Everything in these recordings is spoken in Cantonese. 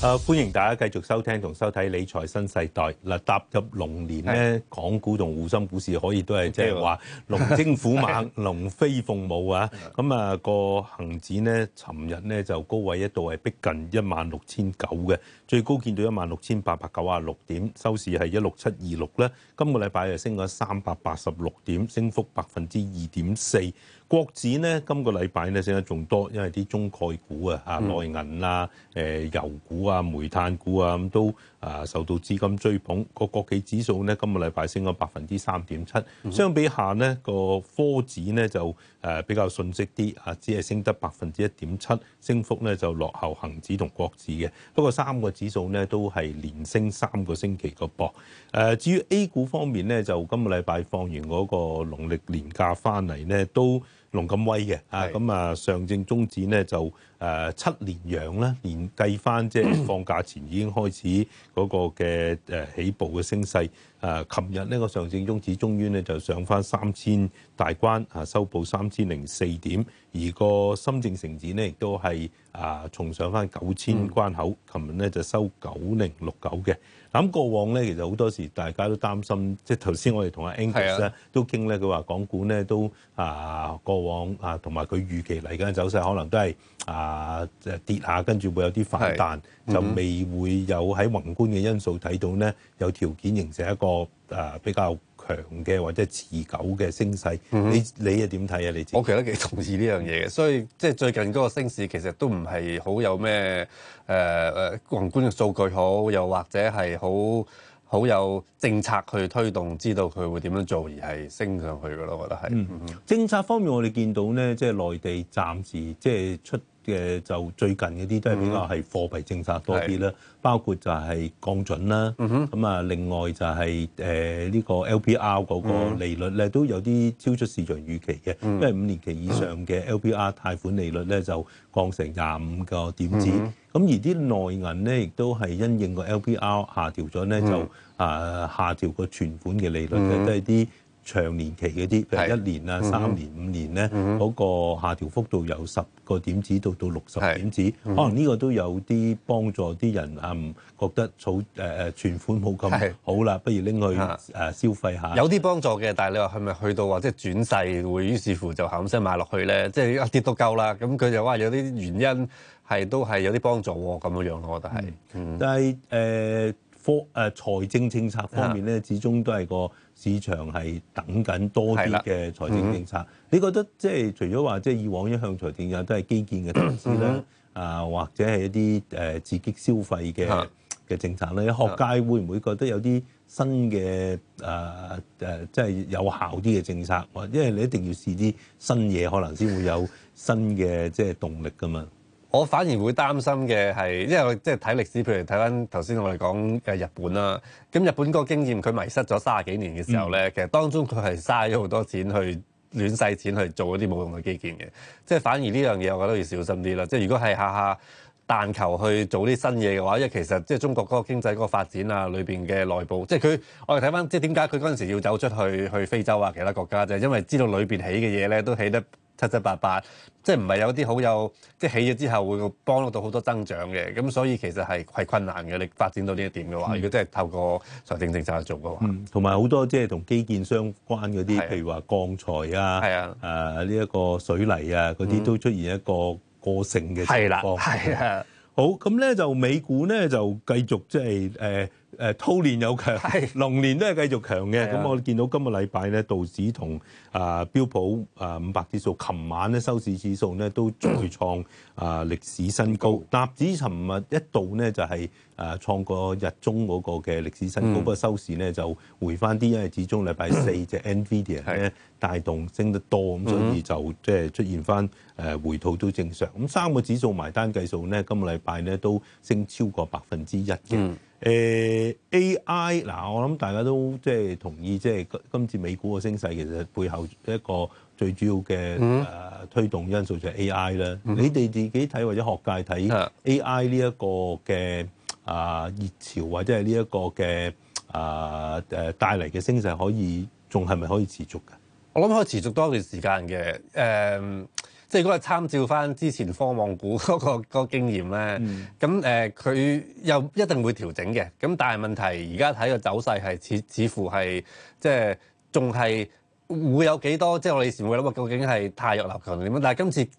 誒、啊，歡迎大家繼續收聽同收睇理財新世代。嗱、啊，踏入龍年咧，的港股同滬深股市可以都係即係話龍精虎猛、的龍飛鳳舞啊！咁啊個恒指咧，尋日咧就高位一度係逼近一萬六千九嘅，最高見到一萬六千八百九十六點，收市係一六七二六咧。今個禮拜就升咗三百八十六點，升幅百分之二點四。國指呢，今個禮拜咧升得仲多，因為啲中概股啊、啊內銀啊、誒油股啊、煤炭股啊咁都啊受到資金追捧。個國企指數呢，今個禮拜升咗百分之三點七，相比下呢個科指呢，就誒比較遜色啲啊，只係升得百分之一點七，升幅呢就落後恒指同國指嘅。不過三個指數呢，都係連升三個星期個噃。誒，至於 A 股方面呢，就今個禮拜放完嗰個農曆年假翻嚟呢，都。龍咁威嘅的啊，咁啊上證綜指咧就誒、呃、七年陽啦，連計返即係放假前已經開始嗰個嘅誒起步嘅升勢。誒，琴日、啊、呢個上證綜指終於呢就上翻三千大關，啊收報三千零四點，而個深證成指呢亦都係啊重上翻九千關口，琴日呢就收九零六九嘅。咁、啊、過往呢，其實好多時大家都擔心，即係頭先我哋同阿 Angus 咧都傾咧，佢話港股呢都啊過往啊同埋佢預期嚟緊嘅走勢可能都係啊即跌下，跟住會有啲反彈，的嗯、哼就未會有喺宏觀嘅因素睇到呢有條件形成一個個誒比較強嘅或者持久嘅升勢，你你又點睇啊？你自己我其實幾同意呢樣嘢嘅，所以即係最近嗰個升勢其實都唔係好有咩誒誒宏觀嘅數據好，又或者係好好有政策去推動，知道佢會點樣做而係升上去噶咯，我覺得係。嗯嗯，政策方面我哋見到咧，即係內地暫時即係出。嘅就最近嗰啲都係比較係貨幣政策多啲啦，是包括就係降準啦，咁啊、嗯、哼另外就係誒呢個 LPR 嗰個利率咧、嗯、哼都有啲超出市場預期嘅，嗯、哼因為五年期以上嘅 LPR 貸款利率咧就降成廿五個點子，咁、嗯、哼而啲內銀咧亦都係因應個 LPR 下調咗咧、嗯、哼就啊、呃、下調個存款嘅利率嘅，嗯、哼都係啲。長年期嗰啲，譬如一年啊、三年、五年咧，嗰個下調幅度有十個點子到到六十點子，可能呢個都有啲幫助啲人啊，覺得儲誒誒存款冇咁好啦，不如拎去誒消費下。有啲幫助嘅，但係你話係咪去到或者轉世會於是乎就喊聲買落去咧？即係一跌都夠啦。咁佢就話有啲原因係都係有啲幫助咁樣咯，我覺得係。但係誒科誒財政政策方面咧，始終都係個。市場係等緊多啲嘅財政政策，的你覺得即係除咗話即係以往一向財政有都係基建嘅投資咧， 啊或者係一啲誒、呃、刺激消費嘅嘅 政策咧，學界會唔會覺得有啲新嘅誒誒，即係有效啲嘅政策？因為你一定要試啲新嘢，可能先會有新嘅即係動力㗎嘛。我反而會擔心嘅係，因為我即係睇歷史，譬如睇翻頭先我哋講嘅日本啦。咁日本個經驗，佢迷失咗卅幾年嘅時候咧，其實當中佢係嘥咗好多錢去亂使錢去做一啲冇用嘅基建嘅。即係反而呢樣嘢，我覺得要小心啲啦。即係如果係下下但求去做啲新嘢嘅話，因為其實即係中國個經濟個發展啊，裏邊嘅內部，即係佢我哋睇翻，即係點解佢嗰陣時要走出去去非洲啊、其他國家就係，因為知道裏邊起嘅嘢咧，都起得。七七八八，即係唔係有啲好有即係起咗之後會幫到到好多增長嘅，咁所以其實係係困難嘅。你發展到呢一點嘅話，如果真係透過財政政策去做嘅話，同埋好多即係同基建相關嗰啲，啊、譬如話鋼材啊，誒呢一個水泥啊，嗰啲都出現一個過剩嘅情況。係啦，係啊。啊好，咁咧就美股咧就繼續即係誒。呃誒兔年又強，龍是年都係繼續強嘅。咁、啊、我見到今個禮拜咧，道指同啊標普啊五百指數，琴晚咧收市指數咧都再創啊、呃、歷史新高。納、嗯、指尋日一度咧就係、是、誒創個日中嗰個嘅歷史新高，嗯、不過收市咧就回翻啲，因為始終禮拜四隻 Nvidia 咧帶動升得多，咁所以就即係出現翻誒回吐都正常。咁、嗯嗯、三個指數埋單計數咧，今個禮拜咧都升超過百分之一嘅。誒、欸、A.I. 嗱，我諗大家都即係同意，即係今次美股嘅升勢其實背後一個最主要嘅誒、mm hmm. 呃、推動因素就係 A.I. 啦、mm。Hmm. 你哋自己睇或者學界睇 Yeah. A.I. 呢一個嘅啊、呃、熱潮或者係呢一個嘅啊誒帶嚟嘅升勢，可以仲係咪可以持續嘅？我諗可以持續多段時間嘅誒。嗯即係嗰個參照翻之前科網股嗰、嗰個、嗰個經驗咧，咁誒佢又一定會調整嘅。咁但係問題而家睇個走勢係似似乎係即係仲係會有幾多？即係我哋以前會諗話，究竟係汰弱留強定點樣？但係今次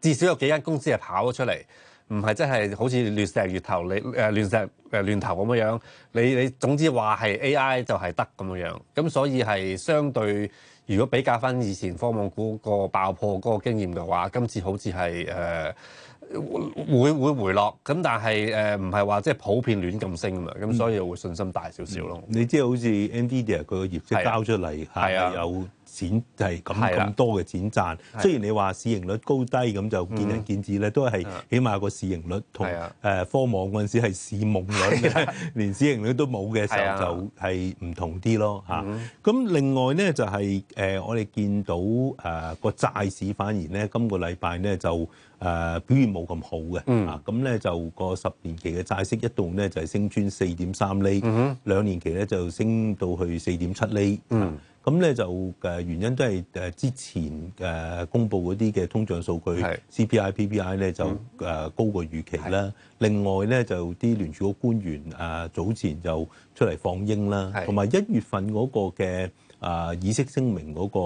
至少有幾間公司係跑咗出嚟，唔係真係好似亂石亂投你誒亂石誒亂投咁樣樣。你你總之話係 AI 就係得咁樣樣，咁所以係相對。如果比較翻以前科網股個爆破嗰個經驗嘅話，今次好似係誒會會回落，咁但係誒唔係話即係普遍亂咁升啊嘛，咁所以我會信心大少少咯。你即係好似 Nvidia 佢個業績交出嚟係、啊、有。錢就係咁咁多嘅錢賺，雖然你話市盈率高低咁就見仁見智咧，都係起碼個市盈率同誒科網嗰陣時係市夢率，連市盈率都冇嘅時候就係唔同啲咯嚇。咁另外咧就係誒我哋見到誒個債市反而咧今個禮拜咧就誒表現冇咁好嘅，啊咁咧就個十年期嘅債息一度咧就係升穿四點三厘，兩年期咧就升到去四點七厘。咁咧就誒原因都係誒之前誒公布嗰啲嘅通脹數據，CPI、PPI 咧就誒高過預期啦。另外咧就啲聯儲局官員誒早前就出嚟放鷹啦，同埋一月份嗰個嘅誒議息聲明嗰個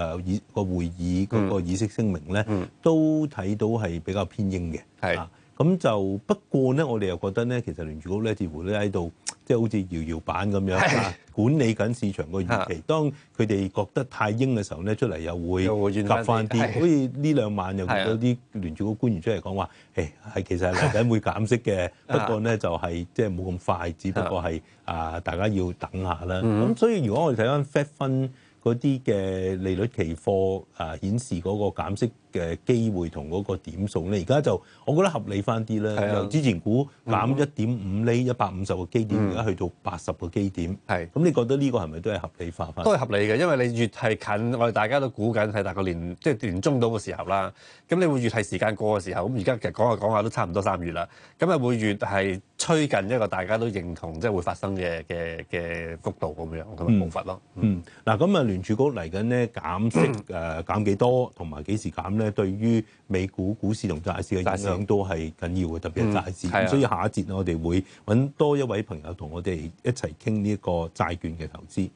誒議個會議嗰個議息聲明咧，都睇到係比較偏鷹嘅。係咁就不過咧，我哋又覺得咧，其實聯儲局咧似乎咧喺度。即係好似搖搖板咁樣，的管理緊市場個預期。的當佢哋覺得太鷹嘅時候咧，出嚟又會急翻啲。好似呢兩晚又見到啲聯儲局官員出嚟講話，誒係的其實係嚟緊會減息嘅，的不過咧就係即係冇咁快，的只不過係啊大家要等下啦。咁的所以如果我哋睇翻 Fed Fund 嗰啲嘅利率期貨啊顯示嗰個減息嘅機會同嗰個點數咧，而家就我覺得合理翻啲咧。的之前估減一點五厘，一百五十個基點，而家、嗯、去到八十個基點。係的，咁你覺得呢個係咪都係合理化翻？都係合理嘅，因為你越係近，我哋大家都估緊係大概年即係年中到嘅時候啦。咁你會越係時間過嘅時候，咁而家其實講下講下都差唔多三月啦。咁啊會越係趨近一個大家都認同即係、就是、會發生嘅嘅嘅幅度咁樣咁啊，望法咯。嗱咁啊，聯儲、嗯嗯、局嚟緊咧減息誒減幾多同埋幾時減咧？ 對於美股股市同債市嘅影響都係緊要嘅，特別係債市。咁、嗯、所以下一節我哋會揾多一位朋友同我哋一齊傾呢個債券嘅投資。